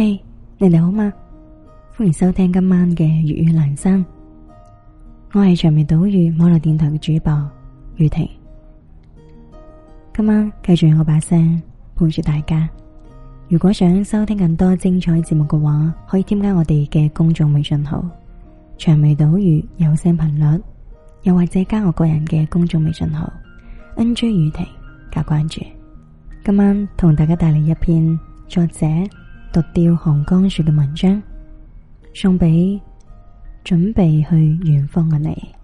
Hey, 你哋好嗎？歡迎收聽今晚嘅粵語闌珊，我係長尾島嶼網絡電台嘅主播雨婷。今晚繼續用我把聲陪住大家。如果想收聽更多精彩節目嘅話，可以添加我哋嘅公眾微信號長尾島嶼有聲頻率，又或者加我個人嘅公眾微信號 nj 雨婷加關注。今晚同大家帶嚟一篇作者。讀掉寒江，江雪嘅文章，送俾準備去遠方嘅你。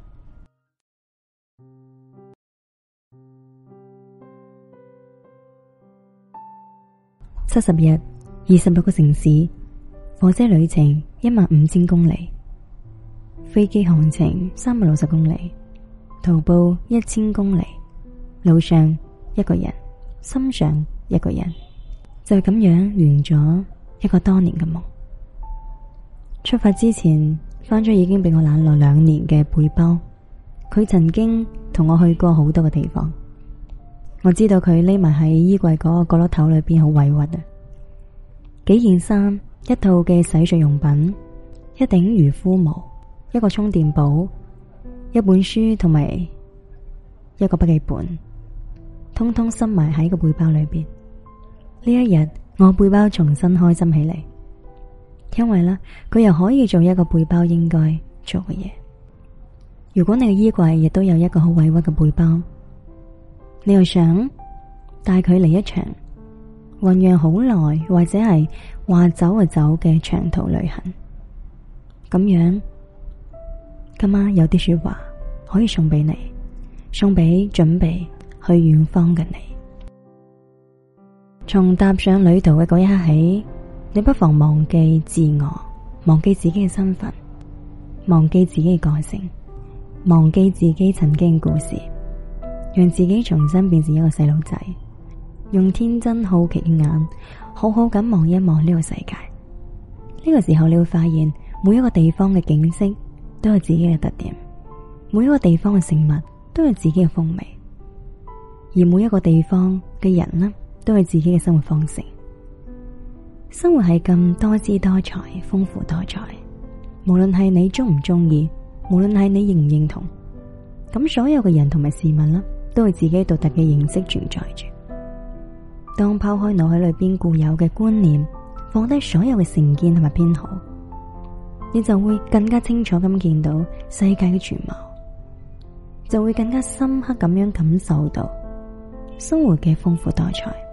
七十日，二十六個城市，火車旅程一萬五千公里，飛機航程三百六十公里，徒步一千公里，路上一個人，心上一個人，就咁樣完咗。一個多年嘅夢，出發之前翻咗已經俾我冷落兩年嘅背包，佢曾經同我去過好多嘅地方，我知道佢匿埋喺衣櫃嗰個角落頭裏邊好委屈啊！幾件衫，一套嘅洗漱用品，一頂漁夫帽，一個充電寶，一本書同埋一個筆記本，通通塞埋喺個背包裏邊。呢一日。我背包重新開心起嚟，因為咧佢又可以做一個背包應該做嘅嘢。如果你嘅衣櫃亦都有一個好委屈嘅背包，你又想帶佢嚟一場醞釀好耐或者係話走就走嘅長途旅行，咁樣今晚有啲說話可以送俾你，送俾準備去遠方嘅你。從踏上旅途嘅嗰一刻起，你不妨忘記自我，忘記自己嘅身份，忘記自己嘅個性，忘記自己曾經嘅故事，讓自己重新變成一個細路仔，用天真好奇嘅眼，好好咁望一望呢個世界。呢個時候你會發現，每一個地方嘅景色都有自己嘅特點，每一個地方嘅食物都有自己嘅風味，而每一個地方嘅人呢？都係自己嘅生活方式。生活係咁多姿多彩，豐富多彩。無論係你中唔中意，無論係你認唔認同，咁所有嘅人同埋事物啦，都係自己獨特嘅形式存在住。當拋開腦海裏邊固有嘅觀念，放低所有嘅成見同埋偏好，你就會更加清楚咁見到世界嘅全貌，就會更加深刻咁樣感受到生活嘅豐富多彩。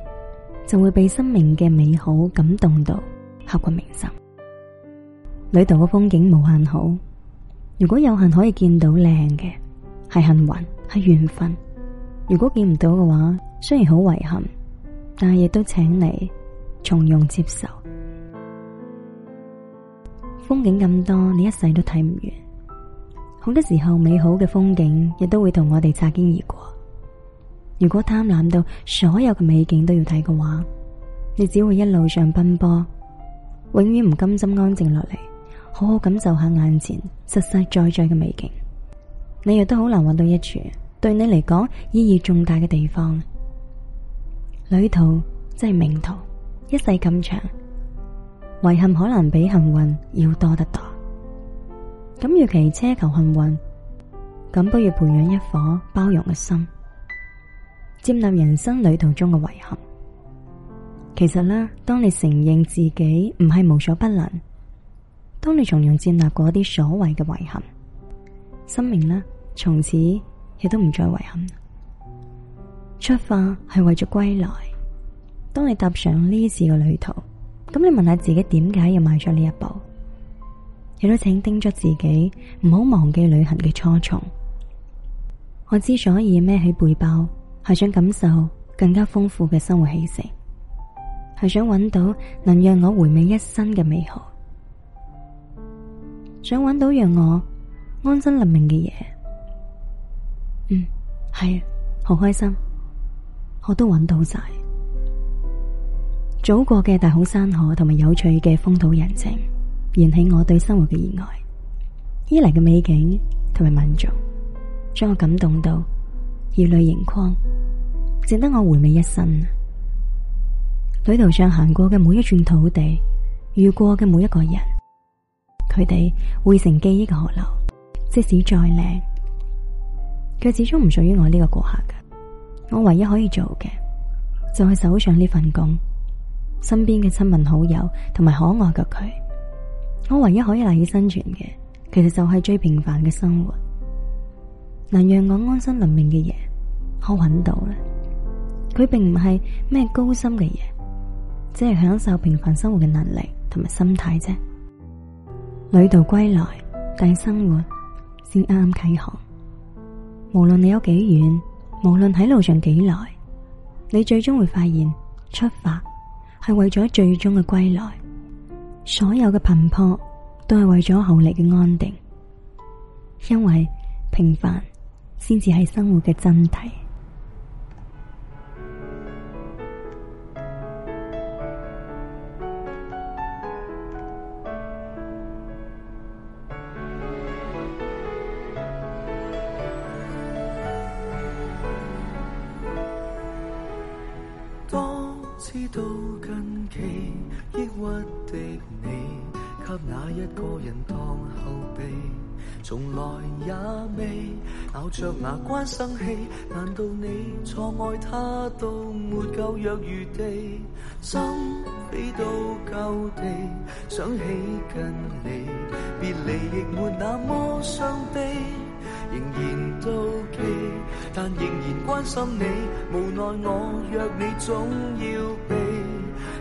就會被生命嘅美好感動到刻骨銘心。旅途嘅風景無限好，如果有幸可以見到靚嘅，係幸運，係緣分；如果見唔到嘅話，雖然好遺憾，但係亦都請你從容接受。風景咁多，你一世都睇唔完。好多時候，美好嘅風景亦都會同我哋擦肩而過。如果貪婪到所有嘅美景都要睇嘅話，你只會一路上奔波，永遠唔甘心安靜落嚟，好好感受下眼前實實在在嘅美景。你亦都好難搵到一處對你嚟講意義重大嘅地方。旅途真係命途，一世咁長，遺憾可能比幸運要多得多。咁與其奢求幸運，咁不如培養一顆包容嘅心。接納人生旅途中嘅遺憾，其實呢，當你承認自己唔係無所不能，當你從容接納嗰啲所謂嘅遺憾，生命呢，從此亦都唔再遺憾。出發係為咗歸來，當你踏上呢次嘅旅途，咁你問下自己點解要邁出呢一步，亦都請叮囑自己唔好忘記旅行嘅初衷。我之所以孭起背包。係想感受更加豐富嘅生活氣息，係想揾到能讓我回味一生嘅美好，想揾到讓我安身立命嘅嘢。嗯，係好開心，我都揾到晒。祖國嘅大好山河同埋有趣嘅風土人情，燃起我對生活嘅熱愛。依嚟嘅美景同埋民族，將我感動到熱淚盈眶，值得我回味一生。旅途上行過嘅每一寸土地，遇過嘅每一個人，佢哋匯成記憶嘅河流，即使再靚，佢始終唔屬於我呢個過客嘅。我唯一可以做嘅，就係手上呢份工，身邊嘅親朋好友同埋可愛嘅佢。我唯一可以賴以生存嘅，其實就係最平凡嘅生活。能讓我安身立命嘅嘢，我搵到啦。佢並唔係咩高深嘅嘢，只係享受平凡生活嘅能力同埋心態啫。旅途歸來，但係生活先啱啱啟航。無論你有幾遠，無論喺路上幾耐，你最終會發現，出發係為咗最終嘅歸來。所有嘅頻撲都係為咗後嚟嘅安定，因為平凡。先至係生活嘅真諦。當知道近期抑鬱的你，靠哪一個人當後備？從來也未咬着牙關生氣，難道你錯愛他到沒夠約餘地？心飛到舊地？想起跟你別離亦沒那麼傷悲，仍然妒忌，但仍然關心你，無奈我約你總要避，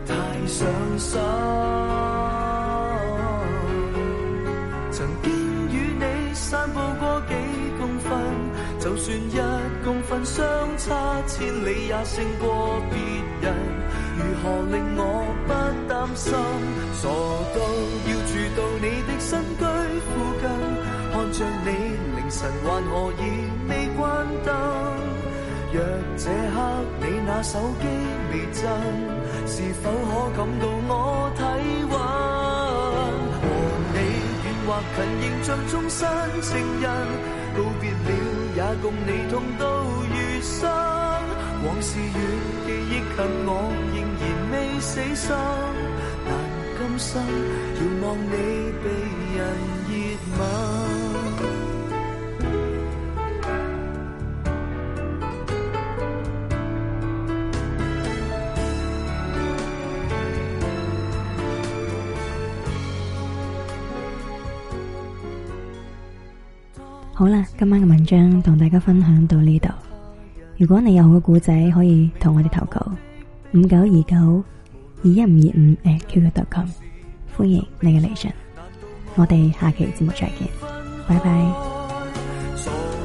太傷心。算一公分相差千里也勝過別人，如何令我不擔心？傻到要住到你的新居附近，看着你凌晨還何以未關燈？若這刻你那手機未震，是否可感到我體溫？和你遠或近，仍像終身情人，告別了。也共你痛到越深，往事與記憶近，我仍然未死心，但今生遙望你被人熱吻。好啦，今晚嘅文章同大家分享到呢度。如果你有好嘅故仔，可以同我哋投稿五九二九二一五二五誒，QQ 投稿，25, 欸、QQ.com, 歡迎你嘅嚟信。我哋下期節目再見，拜拜。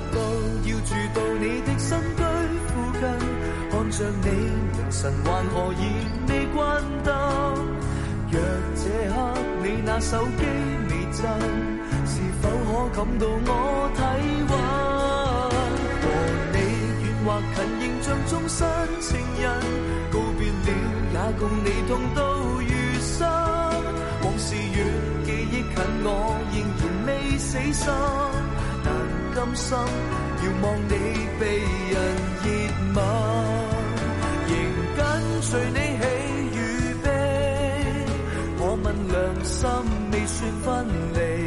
到到要住你你，你身軀附近，看着你還可以未關燈？若這刻你那手機未震是否可感到我體温？和你遠或近，仍像終身情人。告別了，也共你痛到餘生。往事遠記憶近我，我仍然未死心。但甘心遙望你被人熱吻，仍跟隨你喜與悲。我問良心，未算分離。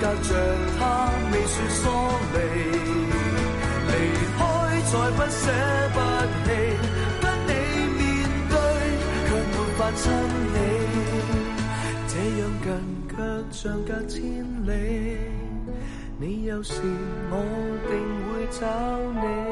隔着他未算疏離，離開再不捨不棄，跟你面對，卻沒法親你。這樣近卻像隔千里，你有事我定會找你。